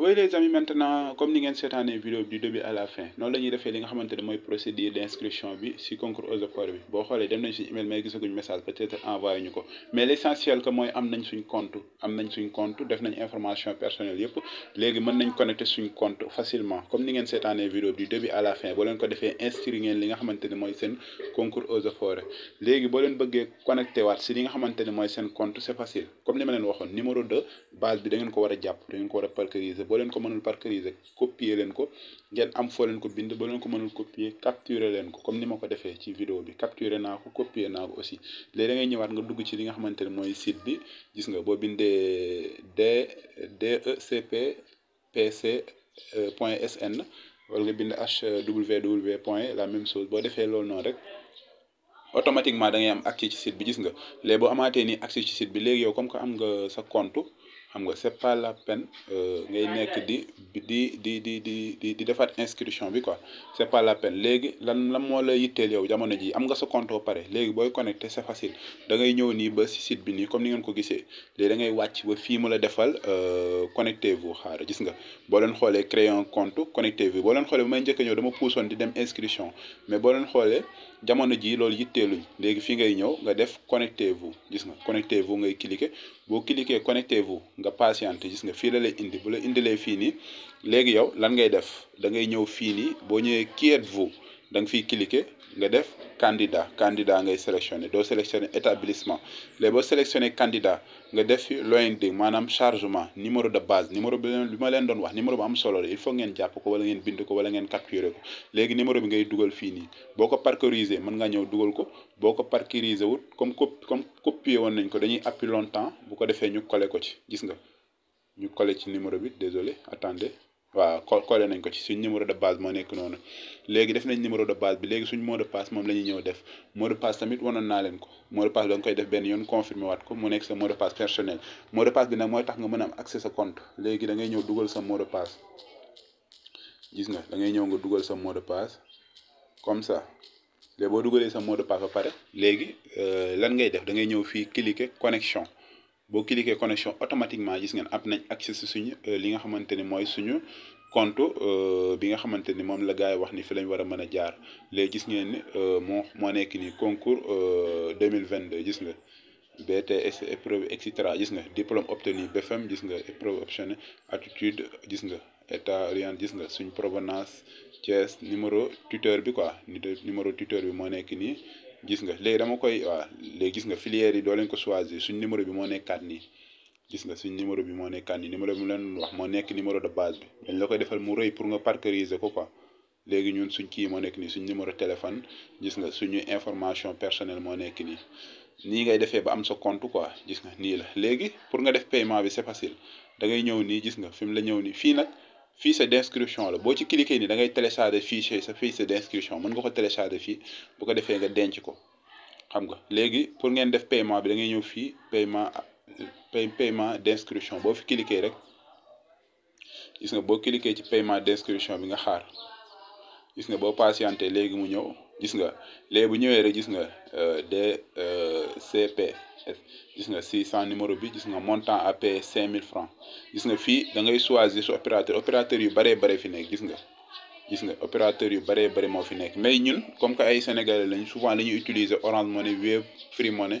oui les amis maintenant comme ni ngeen seetaanee vidéo du début à la fin noonu la ñuy defee li nga xamante ne mooy procédure d'inscription bi si concours aux et forêts bi boo xoolee dem nañ suñ email mais gisaguñ message peut être envoyé ñu ko mais l'essentiel essentiel que mooy am nañ suñ compte am nañ suñ compte def nañ information personnelle yëpp léegi mën nañ connecté suñ compte facilement comme ni ngeen seetaanee vidéo du début à la fin boo leen ko defee inscrire ngeen li nga xamante ne mooy concours aux et forêts léegi boo leen bëggee connecté waat si li nga xamante ne mooy compte c'est facile comme li ma leen waxoon numéro de base bi da ngeen ko war a jàpp da ko war a boo leen ko mënul parcuriser copier leen ko ngeen am foo leen ko bind boo leen ko mënul copier capturer leen ko comme ni ma ko defee ci vidéo bi capturer naa ko copier naa ko aussi léegi da ngay ñëwaat nga dugg ci li nga xamante ne mooy site bi gis nga boo bindee d decp pc euh, point sn wala nga bind hww point la même chose boo defee loolu noonu rek automatiquement da am accès ci site bi gis nga léegi boo amaatee nii accès ci site bi léegi yow comme que am nga sa compte xam nga c'est pas la peine euh, ngay nekk di di di di di di di defaat inscription bi quoi c'est pas la peine léegi lan lan moo la yitteel yow jamono ji am nga sa compte au pare léegi booy connecté c'est facile da ngay ñëw nii ba si site bi nii comme ni ngeen ko gisee léegi da ngay wàcc ba fii mu la defal euh, connectez-vous xaar gis nga boo leen xoolee créer un compte connectez-vous boo leen xoolee bu may njëkk a ñëw dama puusoon di dem inscription mais boo leen xoolee. jamono jii loolu yitteeluñ léegi fii ngay ñëw nga def connectez-vous gis nga connectez-vous ngay cliquer boo cliquer connectez-vous nga patiente gis nga fii la lay indi bu la lee fii nii léegi yow lan ngay def da ngay ñëw fii nii boo ñëwee quittez-vous dang you cliquer nga def candidat candidat ngay sélectionné do sélectionner établissement Vous avez candidat nga def chargement numéro de base numéro bima len don wax numéro bu am solo il faut ngeen japp ko wala bind ko wala capturer ko numéro bi ngay parcourir nga wut comme comme copier ko dañuy longtemps bu ko coller ko ci gis nga ñu coller numéro désolé attendez waaw ko collé nañ ko ci suñ numéro de base moo nekk noonu léegi def nañ numéro de base bi léegi suñ mot de passe moom la ñuy ñëw def mot de passe tamit wanoon naa leen ko mot de passe koy def benn yoon confirmé waat ko mu nekk sa mot de passe personnel mot de passe bi nag mooy tax nga mën a am accès sa compte léegi da ñëw dugal sa mot de passe gis nga da ngay ñëw nga dugal sa mot de passe comme ça léegi boo dugalee sa mot de passe ba pare léegi euh, lan ngay def dangay ñëw fii cliquer connexion boo cliquer connexion automatiquement gis ngeen am nañ accès si suñu euh, li nga xamante ni mooy suñu compte euh, bi nga xamante ni moom la gars yi wax ni fi lañ war a mën a jaar le gis ngeen ni euh, moo moo nekk ni concours 2022 gis nga BTS épreuve et cetera gis nga diplôme obtenu BFM e gis nga épreuve optionnelle attitude gis nga état orient gis nga suñ provenance Thiès numéro tuteur bi quoi numéro tuteur bi moo nekk nii gis nga léegi dama koy waa léegi gis nga filière yi doo leen ko choisir suñ numéro bi moo nekkaat nii gis nga suñ numéro bi moo nekkaat nii numéro bi mu leen wax moo nekk numéro de base bi dañ la koy defal mu rëy pour nga parkeriser ko quoi léegi ñun suñ kii moo nekk nii suñ numéro téléphone gis nga suñu information personnel moo nekk nii nii ngay defee ba am sa compte quoi gis nga nii la léegi pour nga def paiement bi c'est facile da ngay ñëw nii gis nga fi la ñëw nii fii nag fii d' inscription la boo ci cliquer yi da ngay télécharger fichier sa fichier d' inscription mën nga ko télécharger fii bu ko defee nga denc ko xam nga léegi pour ngeen def payment bi da ngay ñëw fii paiement paiement d' inscription boo fi cliquer rek gis nga boo cliquer ci payment d' inscription bi nga xaar gis nga boo patienté léegi mu ñëw. gis nga léegi bu ñëwee rek gis nga de euh, DCPS euh, gis nga 600 numéro bi gis nga montant à payer mille francs gis nga fii da ngay choisir sa opérateur opérateur yu baree bare fi nekk gis nga gis nga opérateur yu baree bare moo fi nekk mais ñun comme que ay sénégalais lañ souvent la ñuy utiliser Orange Money Wave Free Money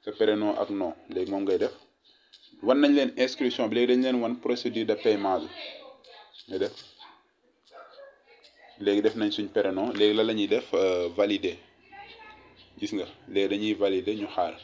sa prénom ak nom légui moom ngay def wan nañ leen inscription bi légui dañ leen wan procédure de paiement bi def légui def nañ suñ prénom légui la lañuy def euh, valider gis nga léegi dañuy valider ñu xaar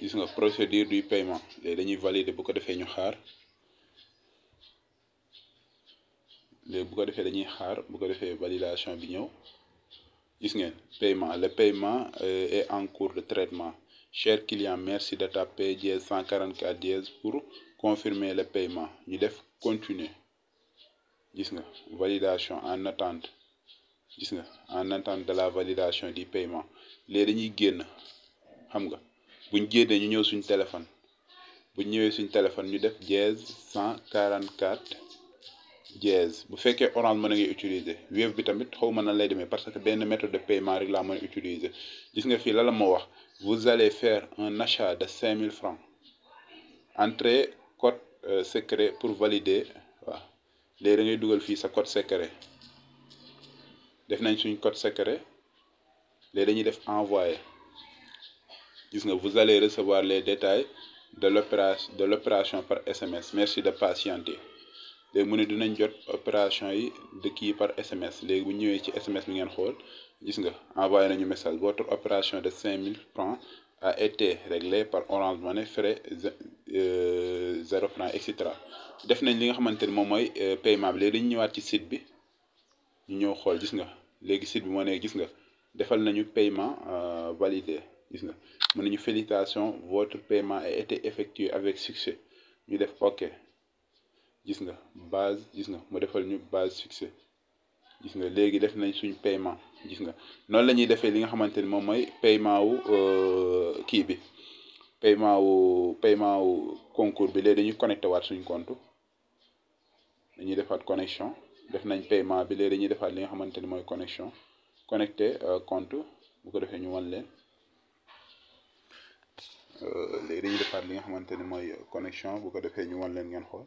gis nga procédure du paiement léegi dañuy valider bu ko defee ñu xaar léegi bu ko defee dañuy xaar bu ko defee validation bi ñëw gis paiement le paiement euh, est en cours de traitement cher client merci de taper dièse 144 dièse pour confirmer le paiement ñu def continuer gis validation en attente gis en attente de la validation du paiement Les dañuy génn xam nga buñ génnee ñu ñëw suñ téléphone buñ ñëwee un téléphone ñu def dièse 144 Diez bu fekkee Orange Money ngay utiliser Wave bi tamit xaw ma nan lay parce que benn méthode de paiement rek laa mën a utiliser gis nga la la wax vous allez faire un achat de 5000 francs entrez code euh, secret pour valider waaw léegi da ngay dugal fii sa code secret def nañ suñ code secret léegi dañuy def envoyer. gis nga vous allez recevoir les détails de de l'opération par SMS merci de patienter vous pouvez faire dinañ opération par SMS les bu ñëwee ci SMS vous pouvez xool gis nga envoyé message votre opération de 5000 francs a été réglée par Orange Money frais euh, zéro franc etc. Définitivement def nañ li nga xamante ni euh, paiement bi léegi dañu ci site bi ñu ñëw xool gis nga site bi moo ne paiement euh, validé gis nga faire une félicitation votre paiement a été effectué avec succès ñu def ok gis nga base gis nga mu defal ñu base fixe gis nga léegi def nañ suñ paiement gis nga noonu la ñuy defee li nga xamante ni moom mooy paiement wu euh, kii bi paiement wu paiement wu concours bi léegi dañuy connecté waat suñ compte dañuy defaat connexion def nañ paiement bi léegi dañuy defaat li nga xamante ni mooy connexion connecté euh, compte bu ko defee ñu wan leen euh, léegi dañuy defaat li nga xamante ni mooy connexion bu ko defee ñu wan leen ngeen xool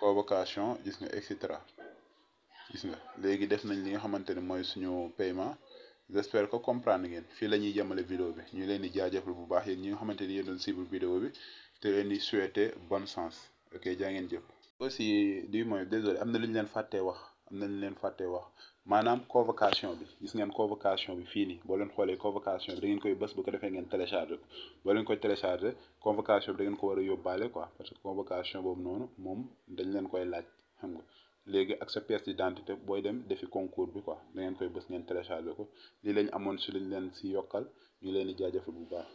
convocation etc. nga et gis nga def nañ li nga suñu paiement j'espère que comprendre ngeen fi la vidéo bi ñu leen di bu baax ñi nga ni doon suivre vidéo bi souhaiter bonne chance ok aussi du désolé nañ leen fàtte wax maanaam convocation bi gis ngeen convocation bi fii nii boo leen xoolee convocation bi da ngeen koy bës bu ko defee ngeen téléchargé ko boo leen koy téléchargé convocation bi ko war a yóbbaale quoi parce que convocation boobu noonu moom dañ leen koy laaj xam nga léegi ak sa pièce booy dem defi concours bi quoi da ngeen koy bës ngeen téléchargé ko lii lañ amoon si liñ leen si yokkal ñu leen di jaajëfal bu baax